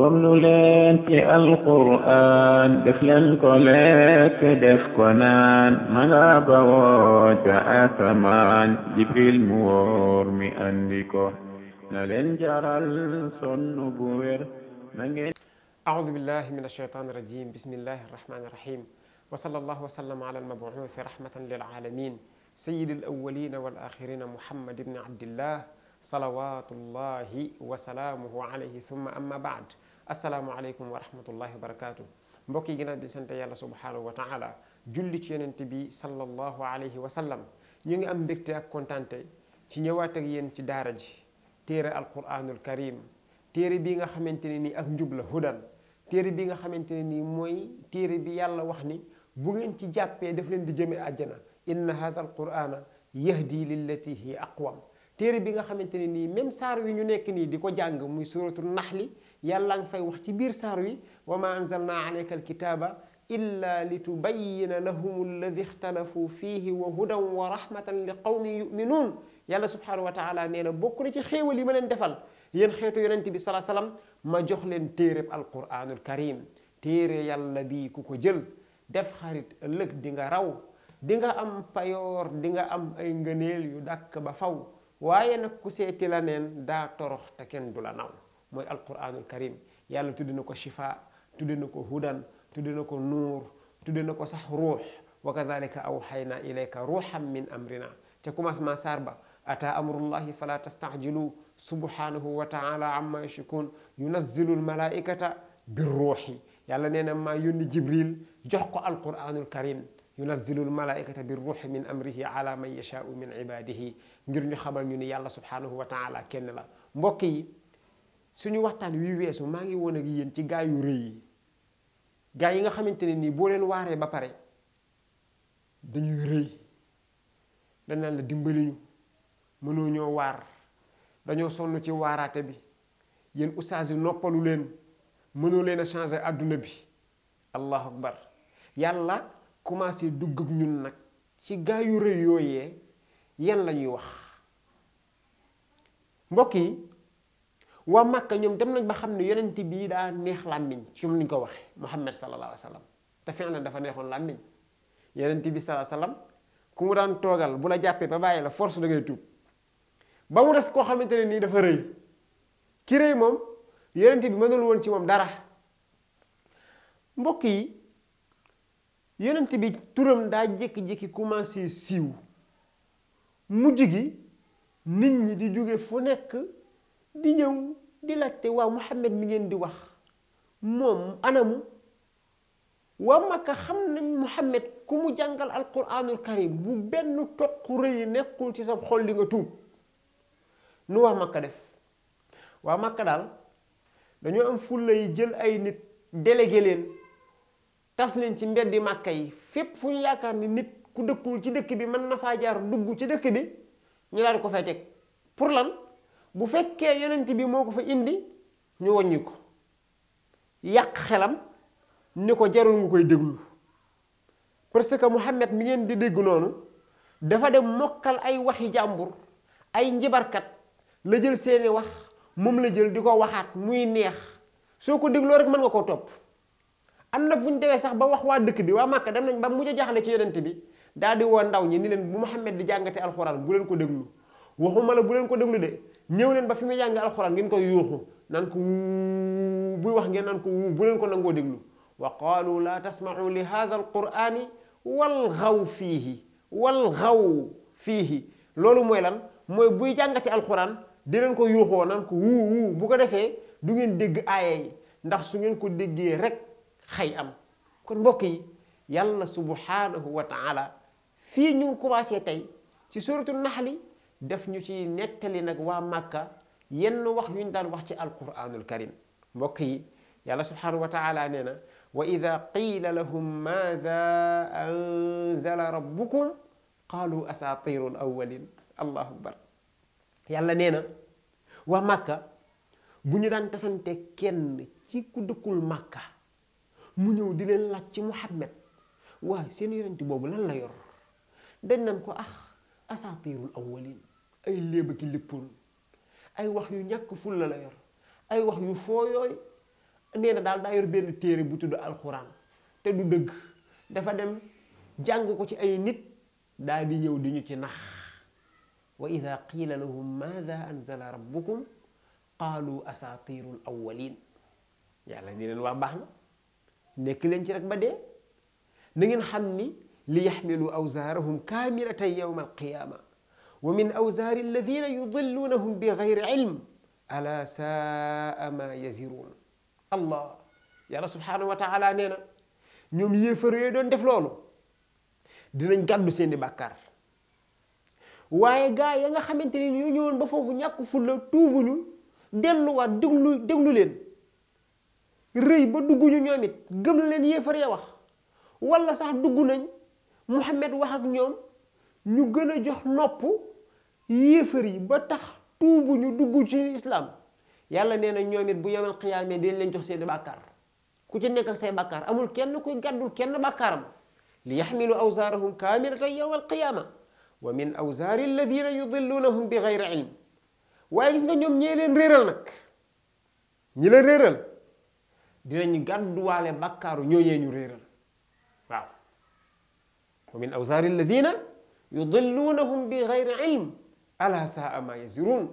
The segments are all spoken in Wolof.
ضمن لك القرآن دفل القلاك دفقنان ملا بوات أثمان جبريل موار مأندكو نلن جرال صن بوير أعوذ بالله من الشيطان الرجيم بسم الله الرحمن الرحيم وصلى الله وسلم على المبعوث رحمة للعالمين سيد الأولين والآخرين محمد بن عبد الله صلوات الله وسلامه عليه ثم أما بعد alaykum wa rahmatullahi wa barakatuh mbokk yi ginnaaw bi sant yàlla subhanahu wa taala julli ci yonent bi sallallahu alayhi wa sallam ñu ngi am mbégte ak contenté ci ñëwaat ak yéen ci daara ji téré alquranul karim téré bi nga xamanteni ni ak njub la hudan téré bi nga xamanteni ni moy téré bi yàlla wax ni bu ngeen ci jappé daf leen di jëme aljana inna hadha alqurana yahdi lillati hi aqwam téré bi nga xamanteni ni même sar wi ñu nekk ni diko jàng muy suratul naxli يالله فاي وخ تي ساروي وما انزلنا عليك الكتاب الا لتبين لهم الذي اختلفوا فيه وهدى ورحمه لقوم يؤمنون يالله سبحانه وتعالى نينا بوكو لي تي خيوي لي مانن ديفال يين خيتو يونتي بي صلى الله عليه وسلم ما جوخ لين تيرب القران الكريم تيري يالله بي كوكو جيل ديف خاريت الك ديغا راو ديغا ام بايور ديغا ام اي نغنيل يو داك با فاو waaye nag ku seeti la neen daa torox te kenn du la naw mooy alquranul karim yàlla tudde na ko shifa tudde na hudan tudde na ko nuur tudde na ko sax ruux wa kadalika awxayna ilayka ruuxan min amrina ca commencement saar ba ata amrullahi fala tastajilu subhanahu wa taala amma yashikun yunazzilu almalaikata birruuxi yàlla nee na maa jibril jox ko alquranul karim yunazzilu almalaikata birruuxi min amrihi ala man yashaau min ibadihi ngir ñu xamal ñu ni yàlla subhanahu wa taala kenn suñu waxtaan wi weesu maa ngi woon ak yéen ci gaa yu rëy yi gaa yi nga xamante ne nii boo leen waaree ba pare dañuy rëy dañ la dimbaliñu mënoo ñoo waar dañoo sonn ci waaraate bi yéen ustaas yu noppalu leen mënoo leen a changer àdduna bi allahu akbar yàlla commencé duggub ak ñun nag ci gaa yu rëy yooyee yan la ñuy wax mbokk yi waa Màkka ñoom dem nañ ba xam ne yonent bii daa neex làmmiñ ci mu ñu ko waxee Muhammad sallallahu alayhi wa sallam te fenn dafa neexoon làmmiñ yenenti bi sallallahu alayhi ku mu daan toogal bu la jàppee ba bàyyi la force da ngay tuub ba mu des koo xamante ne nii dafa rëy ki rëy moom yonent bi mënul woon ci moom dara mbokk yi yonent bi turam daa jékki-jékki commencé siiw mu gi nit ñi di jóge fu nekk. di ñëw di laajte waaw Muhammad mi ngeen di wax moom anamu waa Makka xam nañ Muhammad ku mu jàngal alquranul karim bu benn toq rëy nekkul ci sa xol li nga tuub nu waa Makka def waa Makka daal dañoo am fulla yi jël ay nit délégué leen tas leen ci mbeddi Makka yi fepp fu ñu yaakaar ni nit ku dëkkul ci dëkk bi mën na faa jaar dugg ci dëkk bi ñu daal di ko fay teg pour lan bu fekke yonent bi moko fa indi ñu wàññi yak xelam niko jarul nga koy parce que Muhammad mi ngeen di deg nonu dafa dem mokkal ay waxi jambur ay njibarkat la jël seeni wax moom la jël diko waxat muy neex soko deglu rek man nga ko top amna buñu dewe sax ba wax wa dekk bi wa makka dem nañ ba mu jaxale ci yonent bi daldi wo ndaw ñi ni len bu Muhammad di jàngate alxuraan bu len ko deglu waxuma la bu len ko deglu de ñëw leen ba fi muy jàng alxuraan ngeen koy yuuxu naan ko buy wax ngeen naan ko bu leen ko nangoo déglu wa qaalu laa tasma'u li hadha alqur'ani wal xaw fii fiihi loolu mooy lan mooy buy jàngati alxuraan di leen ko yuuxoo naan ko wuu wuu bu ko defee du ngeen dégg aaya yi ndax su ngeen ko déggee rek xay am kon mbokk yi yàlla subhanahu wa taala fii ñu ngi commencé tey ci suratul naxli def ñu ci nettali nag waa màkka yenn wax yuñ daan wax ci alquranul karim mbokk yi yàlla subhanahu wa taala nee na wa ida qiila lahum maada anzala rabbukum qaalu asaatiru l awalin allahu akbar yàlla nee na waa màkka bu ñu daan tasante kenn ci ku dëkkul màkka mu ñëw di leen laaj ci muhammad waaw seen yonent boobu lan la yor dañ nan ko ah asaatiirul awwalin ay léeba ki léppoon ay wax yu ñàkk fulla la yor ay wax yu foo yooy nee na daal daa yor benn téere bu tudd alxuraan te du dëgg dafa dem jàng ko ci ay nit daal di ñëw di ñu ci nax wa ida qiila lahum maada anzala rabbukum qaalu asaatiirul awwalin yàlla ni leen wax baax na nekk leen ci rek ba dee na xam ni ليحملوا أوزارهم كاملة يوم القيامة ومن أوزار الذين يضلونهم بغير علم ألا ساء ما يزرون الله يا رب سبحانه وتعالى نينا نيوم يفر يدون ديف لولو دي نان غادو سين بكار واي غا ياغا خامتيني نيو نيوون با فوفو نياكو فولا توبو نيو ديلو وات دغلو دغلو لين ري با دغو نيو ميت غم لين يفر واخ ولا صاح دغو نيو Mouhamed wax ak ñoom ñu gën a jox nopp yéefar yi ba tax tuubu ñu dugg ci islam yàlla nee na ñoom bu yowal xiyaamee dañ leen jox seen bàkkaar ku ci nekk ak say bàkkaar amul kenn kuy gàddul kenn bàkkaaram li yaxmilu awsaarahum kaamilatan yawal qiyaama wa min awsaari alladina yudillunahum bi gayri ilm waaye gis nga ñoom ñee leen réeral nag ñi la réeral dinañu gàdduwaale bàkkaaru ñooñee ñu réeral waaw ومن أوزار الذين يضلونهم بغير علم ألا ساء ما يزرون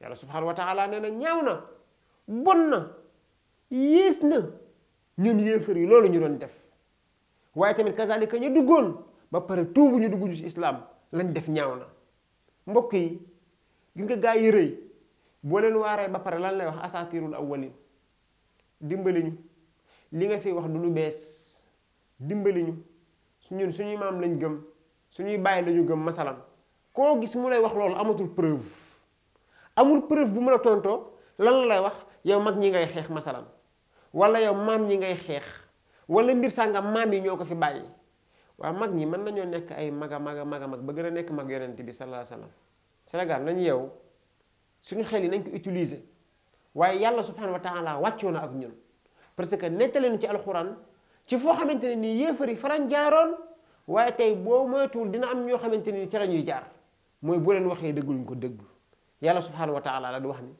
يا الله سبحانه وتعالى نانا نياونا بنا يسنا نيون يفري لولو نيون دف وايت من كذلك ني دغون با بار توبو ني دغون في الاسلام لن دف نياونا مبوكي غيغا غاي ري بولن واري با بار لان لا واخ اساتير الاولين ديمبلي ني ليغا في واخ دولو بيس ديمبلي ني ñun suñuy maam lañ gëm suñuy bàyyi lañu gëm masalan ko gis mu lay wax lool amatul preuve amul preuve bu mëna tonto tontoo lan lay wax yow mag ñi ngay xex masalan wala yow maam ñi ngay xex wala mbir sanga maam yi ñoko fi bàyyi wa mag ñi mëna ñoo nekk ay maga maga maga mag bëgg na mag bi sallallahu alayhi wasallam senegal nañ yow suñu xel yi nañ ko utiliser waye yalla subhanahu wa taala waccuna ak ñun parce que nettaleen ci alcorane ci foo xamante ne nii yéefar yi faran jaaroon waaye tey boo moytuwul dina am ñoo xamante ni ci la ñuy jaar mooy bu leen waxee dëgguñ ko dëgg yàlla subhanahu wa taala la di wax ni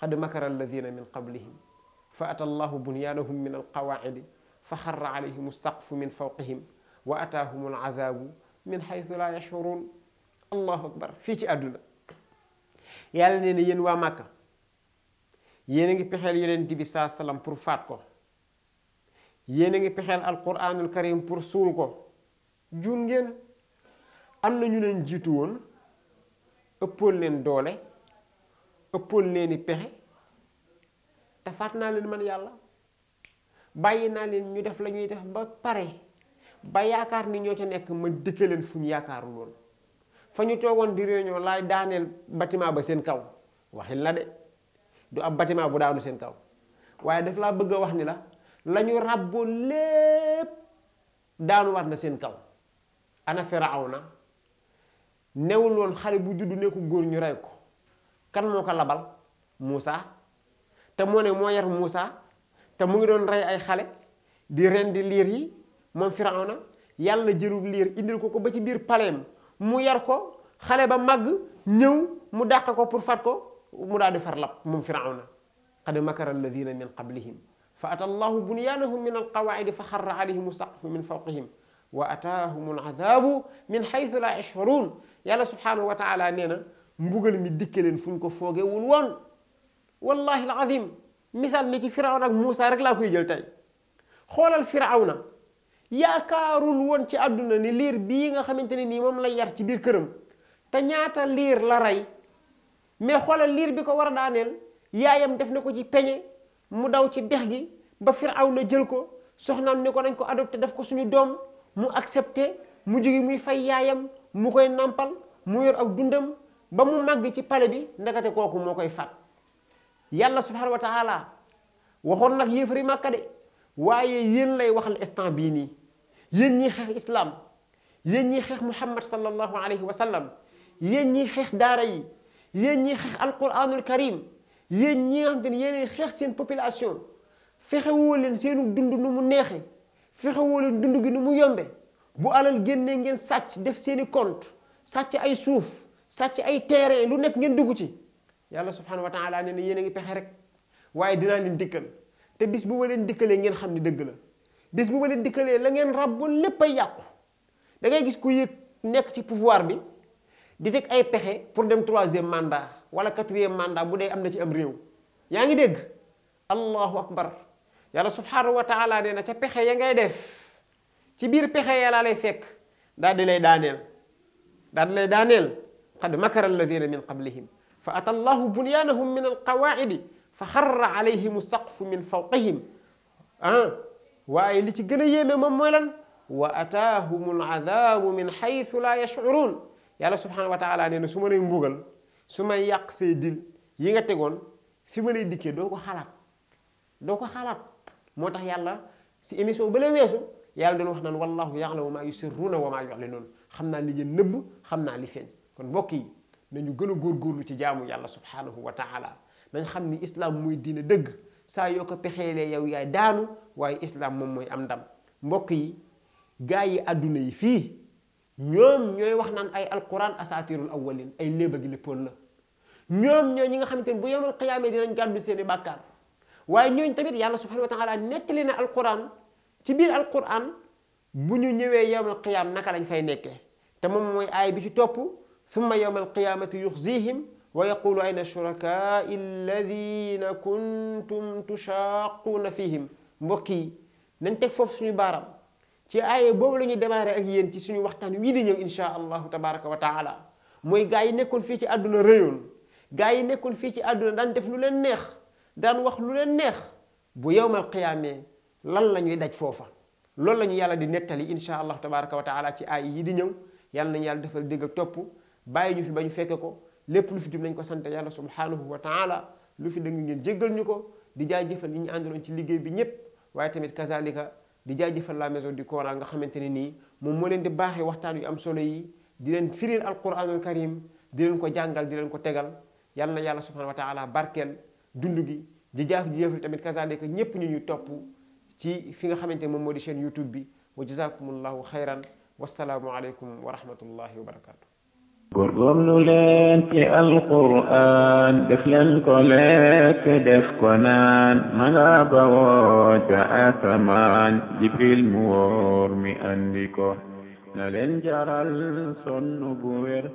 qad makara alladina min qablihim fa ata allahu bunyaanahum min alqawaacidi fa xarra alayhim alsaqfu min fawqihim wa ataahum alazabu min xaytu laa yashurun allahu akbar fii ci àdduna yàlla nee na yéen waa màkka yéen a ngi pexeel yonent bi saa salaam pour faat ko yéen a ngi pexeel alquranul karim pour suul ko juum ngeen am na ñu leen jiitu woon ëppoon leen doole ëppoon leeni pexe te faat naa leen man yàlla bàyyi naa leen ñu def lañuy def ba pare ba yaakaar ni ñoo ca nekk ma dikke leen fu ñu yaakaarul fa ñu toogoon di réunion laay daaneel bâtiment ba seen kaw waxin la de du ab bâtiment bu daanu seen kaw waaye daf laa bëgg a wax ni la la ñu ràbboo lépp daanu war na seen kaw ana firawna newul woon xale bu juddu nekku góor ñu rey ko kan moo ko labal Muusa te moo ne moo yar Muusa te mu ngi doon rey ay xale di ren di liir yi moom firawna yàlla jërul liir indil ko ko ba ci biir paleem mu yar ko xale ba màgg ñëw mu dàq ko pour fat ko mu daal defar far lab moom firawna makar makara alladina min qablihim فأتى الله بنيانهم من القواعد فخر عليهم السقف من فوقهم وأتاهم العذاب من حيث لا يشعرون يا الله سبحانه وتعالى نينا مبغل مدكلن فنكو فوق ولوان والله العظيم مثال نتي فرعون موسى رك لا كوي جيل الفرعون يا كارول وون تي ادنا ني لير بيغا خامتيني ني موم لا يار تي بير كرم تا نياتا لير لا راي مي خول لير بيكو ورا دانيل يايام ديف جي بيني mu daw ci dex gi ba Firawna jël ko soxnaam ni ko nañ ko adopté daf ko suñu doom mu accepté mu jóge muy fay yaayam mu koy nampal mu yor ak dundam ba mu màgg ci pale bi ndekete kooku moo koy faat yàlla subhanahu wa taala waxoon nag yéefari màkka de waaye yéen lay waxal instant bii nii yéen ñiy xeex islaam yéen ñiy xeex muhammad sallallahu alayhi wa sallam yéen ñiy xeex daara yi yéen ñiy xeex alquranul karim yéen ñi nga xamante ni yéenay xeex seen population fexewoo leen seenu dund nu mu neexe fexewoo leen dund gi nu mu yombe bu alal génnee ngeen sàcc def seeni compte sàcc ay suuf sàcc ay terrain lu nekk ngeen dugg ci yàlla subhanahu wa taala nee na yéen a ngi pexe rek waaye dinaa leen dikkal te bis bu ma leen dikkalee ngeen xam ni dëgg la bis bu ma leen dikkalee la ngeen ràbboon lépp ay yàqu da ngay gis ku yëg nekk ci pouvoir bi di teg ay pexe pour dem troisième mandat ولا كاتريام ماندا بودي امنا سي ام ريو ياغي دغ الله اكبر يا الله سبحانه وتعالى نينا تي بخي ياغي ديف تي بير بخي يا لا لي فيك دا دي لي دانيل دا دي لي دانيل قد مكر الذين من قبلهم فاتى الله بنيانهم من القواعد فخر عليهم السقف من فوقهم ها أه؟ واي لي تي غنا ييمي موم موي لان واتاهم العذاب من حيث لا يشعرون يا الله سبحانه وتعالى نينا سوما ني مبوغال su may yàq say dil yi nga tegoon fi ma lay dikkee doo ko xalaat doo ko xalaat moo tax yàlla si émission ba lay weesu yàlla doon wax naan wallahu ya'lamu maa yusirruuna wa maa yu'linuun xam naa li ngeen nëbb xam naa li feeñ kon mbokk yi nañu gën a góorgóorlu ci jaamu yàlla subhanahu wa taala nañ xam ni islam muy diine dëgg saa yoo ko pexeelee yow yaay daanu waaye islaam moom mooy am ndam mbokk yi gaa yi àdduna yi fii ñoom ñooy wax naan ay alquran asaatirul awwalin ay léeba gi léppoon la ñoom ñooy ñi nga xamante ne bu yemal qiyaamee dinañ gàddu seen i bàkkaar waaye ñooñu tamit yàlla subhanahu wa taala nettali na alquran ci biir alquran bu ñu ñëwee yemal qiyaam naka lañ fay nekkee te moom mooy aay bi ci topp summa yemal qiyaamati yuxzihim wa yaqulu ayna shurakaai alladina kuntum tushaquuna fihim mbokk yi nañ teg foofu suñu baaram ci aaye boobu la ñuy démarrer ak yéen ci suñu waxtaan wii di ñëw insha allahu tabaraka wa taala mooy gaa yi nekkoon fii ci àdduna réyoon gaa yi nekkoon fii ci àdduna daan def lu leen neex daan wax lu leen neex bu yowmal qiyaamee lan la ñuy daj foofa loolu la yàlla di nettali insha allah tabaraka wa taala ci aay yi di ñëw yàlla nañu yàlla defal dégg topp bàyyi ñu fi ba ñu fekke ko lépp lu fi jub nañ ko sant yàlla subhanahu wa taala lu fi dëng ngeen jéggal ñu ko di jaajëfal ñi ñu àndaloon ci liggéey bi ñépp waaye di jaajëfal la maison du Coran nga xamante ne nii moom moo leen di baaxee waxtaan yu am solo yi di leen firil alquranul karim di leen ko jàngal di leen ko tegal yàlla na yàlla subhanahu wa taala barkeel dundu gi di jaaf di jëfal tamit kazalika ñépp ñu ñuy topp ci fi nga xamante ni moom moo di chaîne YouTube bi wa jazakumullahu xayran wasalaamu aleykum wa rahmatullahi wa barakatu góorgóorlu leen ci alquran def leen ko lekk def ko naan ma nga bawoo ca asamaan jibril mu wóor mi andi ko na leen jaral sonn bu wér